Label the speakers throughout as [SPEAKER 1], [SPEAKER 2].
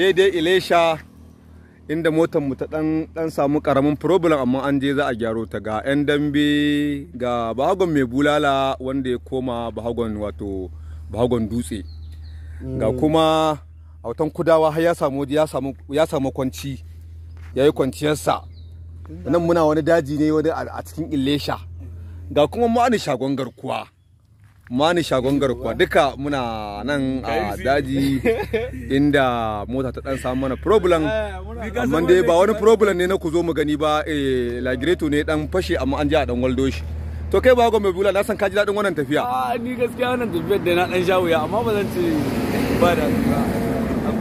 [SPEAKER 1] daidai ilesha inda motar mu ta dan dan samu karamin problem amma an je za a gyaro ta ga yan dambe ga bahagon mai bulala wanda ya koma bahagon wato bahagon dutse ga mm. kuma a watan kudawa har ya samu ya samu ya samu kwanci yayi kwanciyarsa nan muna wani daji ne wani a cikin ilesha ga kuma mu shagon garkuwa mani shagon garkuwa duka muna nan a daji inda mota ta dan samu mana problem
[SPEAKER 2] eh, amma dai ba wani
[SPEAKER 1] problem ne na ku zo mu gani ba eh lagireto ne dan fashe amma an ji a dan waldo shi to kai ba gombe bula na
[SPEAKER 3] san ka ji dadin wannan tafiya a ah, ni gaskiya wannan tafiyar da na dan sha wuya amma ba zan ce ba da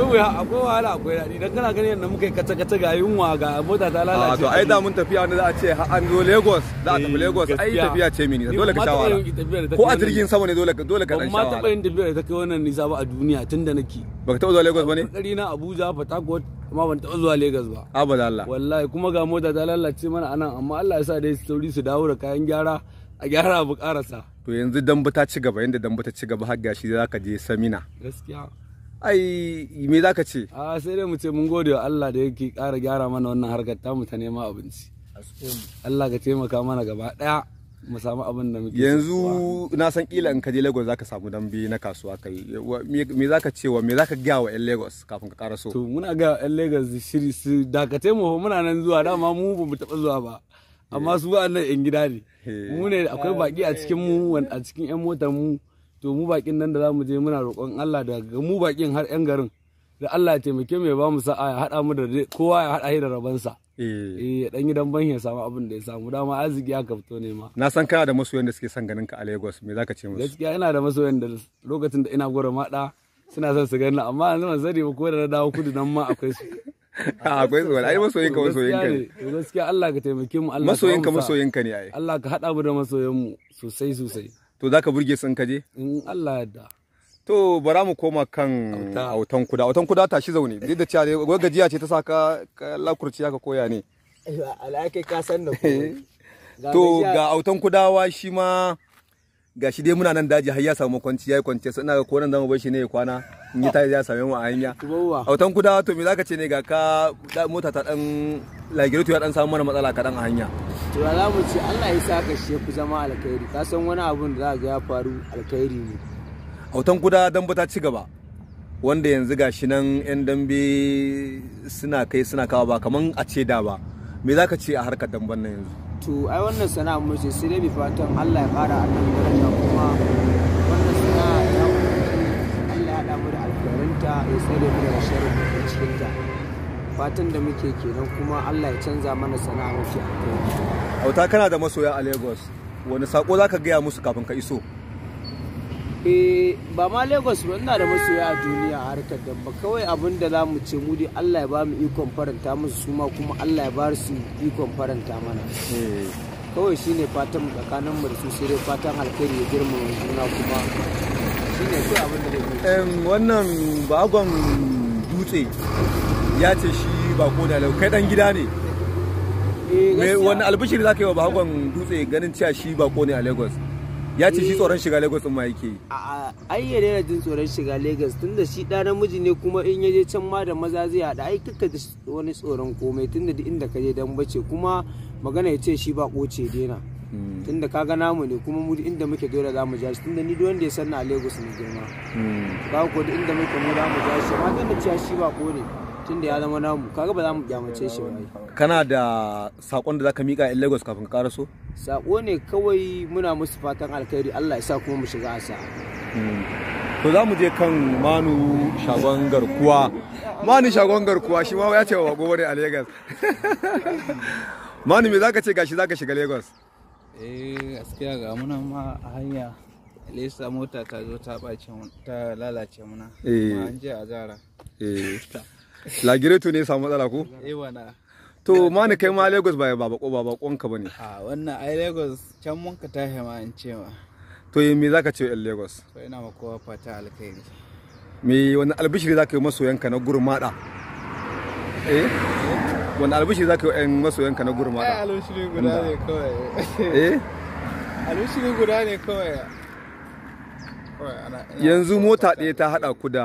[SPEAKER 3] akwai akwai wahala akwai daɗi dan kana ganin yadda muka yi kace kace ga yunwa ga mota ta lalace to ai da
[SPEAKER 1] mun tafiya wanda za a ce an zo Lagos za a tafi eh, Lagos ai tafiya ce mini dole ka shawara
[SPEAKER 3] ko a jirgin sama ne dole ka dole ka dan ba amma taɓa yin tafiya da ta kai wannan nisa ba a duniya tunda nake baka taɓa zuwa Lagos ba ne kokari na Abuja Port Harcourt amma ban taɓa zuwa Lagos ba abada ah, Allah wallahi kuma ga mota ta lalace mana anan amma Allah ya sa dai sauri su dawo da kayan gyara a gyara abu karasa
[SPEAKER 1] to yanzu dambu ta ci gaba yanda dambu ta ci gaba har gashi za ka je samina
[SPEAKER 3] gaskiya ai me za ka ce a sai dai mu ce mun gode wa Allah da yake ƙara gyara mana wannan harkar ta mu ta nema abinci Allah ka taimaka mana gaba daya mu samu abin da muke
[SPEAKER 1] yanzu na san kila in ka je Lagos zaka samu dambe na kasuwa kai me zaka ce wa
[SPEAKER 3] me zaka ga wa Lagos kafin ka karaso to muna ga yan Lagos shiri su dakate mu muna nan zuwa dama mu ba mu taba zuwa ba amma su ba nan in gida ne mu ne akwai baki a cikin mu a cikin yan motar mu to mu bakin nan da za mu je muna roƙon Allah daga mu bakin har 'yan garin da Allah ya taimake mu ya ba mu sa'a ya haɗa mu da kowa ya haɗa shi da rabansa. Eh. eh ya dan gidan ban ya samu abin da ya samu dama arziki ya kafto ne ma. Na san kana da masoyan da suke son
[SPEAKER 1] ganin ka a Lagos me zaka ce musu?
[SPEAKER 3] Gaskiya ina da masoyan da lokacin da ina gora maɗa suna son su gani amma yanzu ban sani ba ko da na dawo kudu nan ma akwai su. Ah, akwai su wala ai masoyin ka masoyin ka ne gaskiya Allah ka taimake mu Allah masoyin ka masoyin ka ne ai Allah ka hada mu da masoyan mu sosai
[SPEAKER 1] sosai to zaka burge sun kaje? in Allah yadda. to bara mu koma kan autan kuda autan kuda tashi zaune duk da cewa gajiya ce ta saka lakurci haka koya ne
[SPEAKER 2] alaƙa ka san da to ga
[SPEAKER 1] autan kudawa shi ma gashi dai muna nan daji har ya samu kwanci yayi kwanci sai ina ga ko nan zamu bar shi ne ya kwana in ya tayi ya same mu a hanya autan kuda to me zaka ce ne ga ka mota ta dan lagirito ya dan samu mana matsala dan a hanya
[SPEAKER 2] to za mu ce Allah ya sa ka shi ku zama alkhairi ka san wani abun da za ga ya faru alkhairi ne autan kuda dan ta ci gaba
[SPEAKER 1] wanda yanzu gashi nan yan dambe suna kai suna kawo ba kaman a ce da ba me zaka ce a harkar damban nan yanzu
[SPEAKER 2] to ai wannan sana'a mu ce sai dai bi fatan Allah ya fara annabi daraja kuma wannan sana'a ta Allah ya da mu da alkhairinta ya tsare mu daga sharri da cikin ta fatan da muke kenan kuma Allah ya canza mana sana'a mafi alkhairi
[SPEAKER 1] auta kana da masoya a Lagos wani sako zaka gaya musu
[SPEAKER 2] kafin ka iso eh ba ma lagos ba ina da masoya a duniya a harkar ba kawai abin da za mu ce mu dai allah ya ba mu ikon faranta musu su ma kuma allah ya ba su ikon faranta mana eh. kawai shine fatan tsakanin mu da su sai dai fatan alkhairi ya girma juna kuma shine kawai abin da zai wannan
[SPEAKER 1] bagon dutse ya ce shi ba ko da kai dan gida ne
[SPEAKER 2] eh, wani albishir
[SPEAKER 1] za ka yi wa bagon dutse ganin cewa shi ba ko ne a lagos ya ce shi tsoron shiga lagos ma yake yi
[SPEAKER 2] ai yi yare jin tsoron shiga lagos da shi ɗa namiji ne kuma in ya je can ma da maza zai haɗa ai kakka da wani tsoron komai da duk inda ka je dan bace kuma magana ya ce shi ba koce daina hmm. Tun ka ga namu ne kuma mu inda muke dole za mu jashi da ni wanda ya san na lagos ne girma ba hmm. ko duk inda muke mu za mu jashi ma da cewa shi ba ne tun da ya zama namu kaga ba za mu kyamace shi ba
[SPEAKER 1] kana da sakon da za ka miƙa a lagos kafin ka karaso
[SPEAKER 2] sako ne kawai muna musu fatan alkhairi allah ya sa kuma mu shiga asa hmm.
[SPEAKER 1] to za mu je kan manu shagon garkuwa manu shagon garkuwa shi ma ya ce wa gobe a lagos manu me zaka ce gashi zaka shiga lagos
[SPEAKER 2] eh gaskiya ga muna ma a hanya lesa mota ta zo ta ɓace ta lalace muna eh an je a zara
[SPEAKER 1] eh lagireto ne samu matsala ko eh wana to ma ni kai ma lagos ba ba ko ba bakon ka bane a
[SPEAKER 2] wannan ai lagos can mun ka tashi ma an ce ma
[SPEAKER 1] to yi eh, me zaka ce yan lagos
[SPEAKER 2] to ina ma kowa fata alkhairi
[SPEAKER 1] me wani albishiri zaka yi masoyanka na gurmada eh wani albishiri zaka yi yan masoyanka na gurmada eh
[SPEAKER 3] albishiri guda ne kawai eh albishiri guda ne kawai yanzu
[SPEAKER 1] mota ɗaya ta haɗa ku da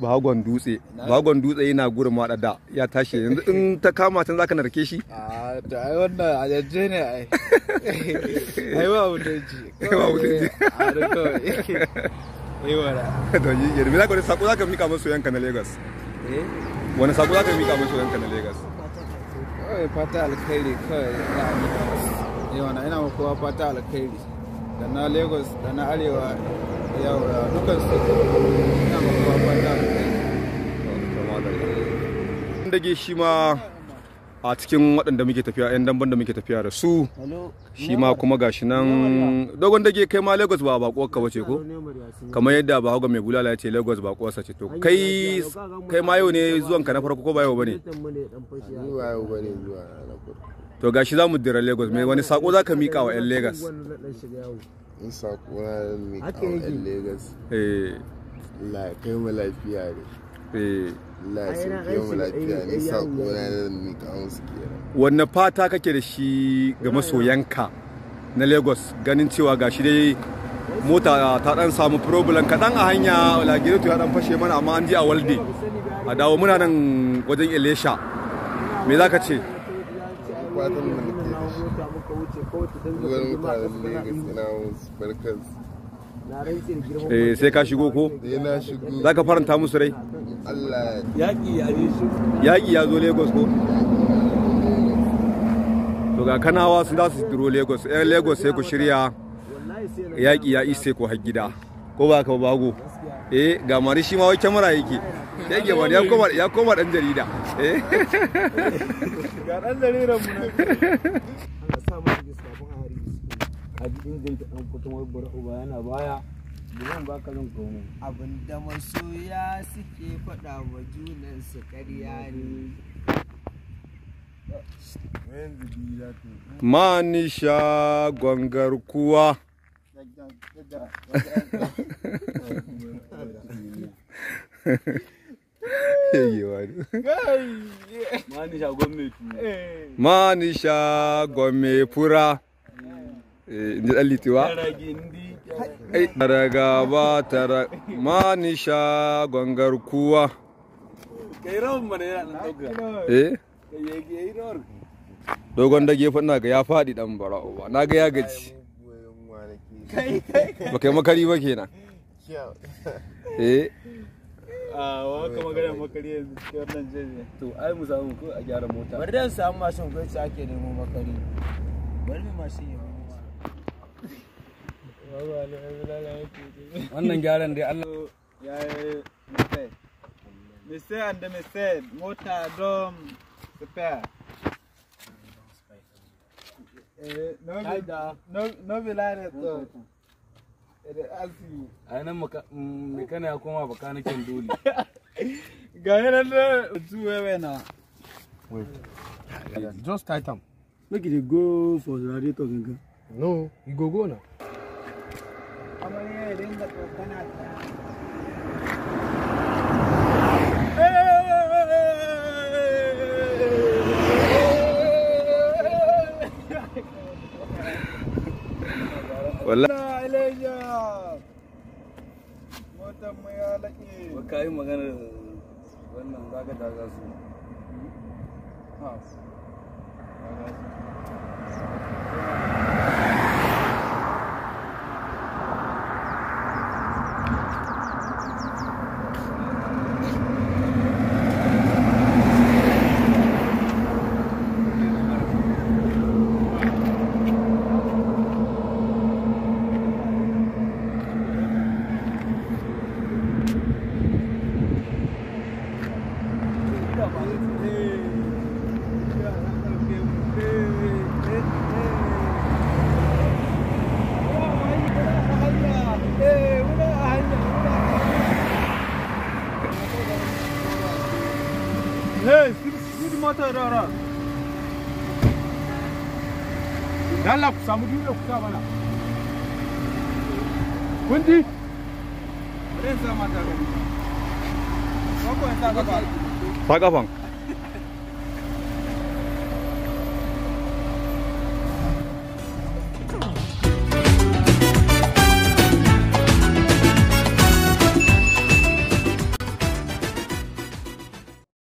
[SPEAKER 1] bagon dutse bagon dutse yana gurin da ya tashi yanzu in ta kama tun zaka narke shi
[SPEAKER 3] a ah, to ai wannan a jaje ne ai ai ba mutunci
[SPEAKER 1] ai ba mutunci a riko
[SPEAKER 3] ai wala to yi yar me
[SPEAKER 1] zaka sako zaka mika musu yanka na Lagos eh wani sako zaka mika musu yanka na Lagos
[SPEAKER 2] kawai fata alkhairi kawai Ina amina eh wannan ina ma kowa fata alkhairi da na Lagos da na Arewa yawra dukkan su ina makawa kwanta
[SPEAKER 1] dage shi ma a cikin waɗanda muke tafiya yan damban da muke tafiya da su shi ma kuma gashi nan dogon dage kai ma lagos ba bakuwar ka bace ko kamar yadda ba hauga mai bulala ya ce lagos ba kuwarsa ce to kai kai ma yau ne zuwan ka na farko ko ba yau bane to gashi za mu dira lagos mai wani sako za ka miƙa wa 'yan lagos
[SPEAKER 2] in mai kawo lagos lafiya ne eh.
[SPEAKER 1] wanne fata kake da shi ga maso yanka na lagos ganin cewa gashi dai mota ta dan samu problem kaɗan a hanya to ya dan fashe mana amma an ji a walde a dawo muna nan wajen elisha me za ka ce
[SPEAKER 2] fatan da muke da shi
[SPEAKER 3] mutanen eh
[SPEAKER 1] sai ka shigo ko
[SPEAKER 3] eh, za
[SPEAKER 1] ka faranta musu rai
[SPEAKER 3] yaƙi
[SPEAKER 1] ya zo lagos ko to ga kanawa su za su duro lagos yan eh, lagos sai ku shirya yaƙi ya ise ku har gida ko ba ka bago eh ga mari shi ma wai kyamara yake ya koma dan jarida eh
[SPEAKER 3] ga dan zariran mu nan ana sa mu cikin kafin a hari a ji inganta dan
[SPEAKER 2] kutan wai bara uba yana baya Bulan ba ka zan komo. Abin da masoya suke faɗa wa junansu ƙarya ne.
[SPEAKER 1] Manisha gwangar kuwa. Yayi wani. Mani shagon mai
[SPEAKER 3] In
[SPEAKER 1] Taraga ba mani shagon garkuwa. Eh? Dogon da gefen naga ya faɗi dan bara'u ba, na ga ya gaji. Ba kai makari ba kenan. Eh?
[SPEAKER 3] a ah, waka magana makari yanzu cikin wannan jeje to ai mu samu ko a gyara mota bari dan samu mashin ko ce ake nemo makari
[SPEAKER 2] bari mai mashin ya
[SPEAKER 3] wannan gyaran dai Allah ya yi mistake mistake and the mistake mota dom spare eh, no, no, no, no, no, no, no, no, a nan mekana ya koma bakanikin dole ga yanar da just
[SPEAKER 2] tight am make you go for the radiator no go go na
[SPEAKER 3] wannan zaga da za su hmm?
[SPEAKER 2] motor rara dala ku samu duniya ku ta bana kun ji
[SPEAKER 1] sa mata gani ko ko ta gaba ta gaban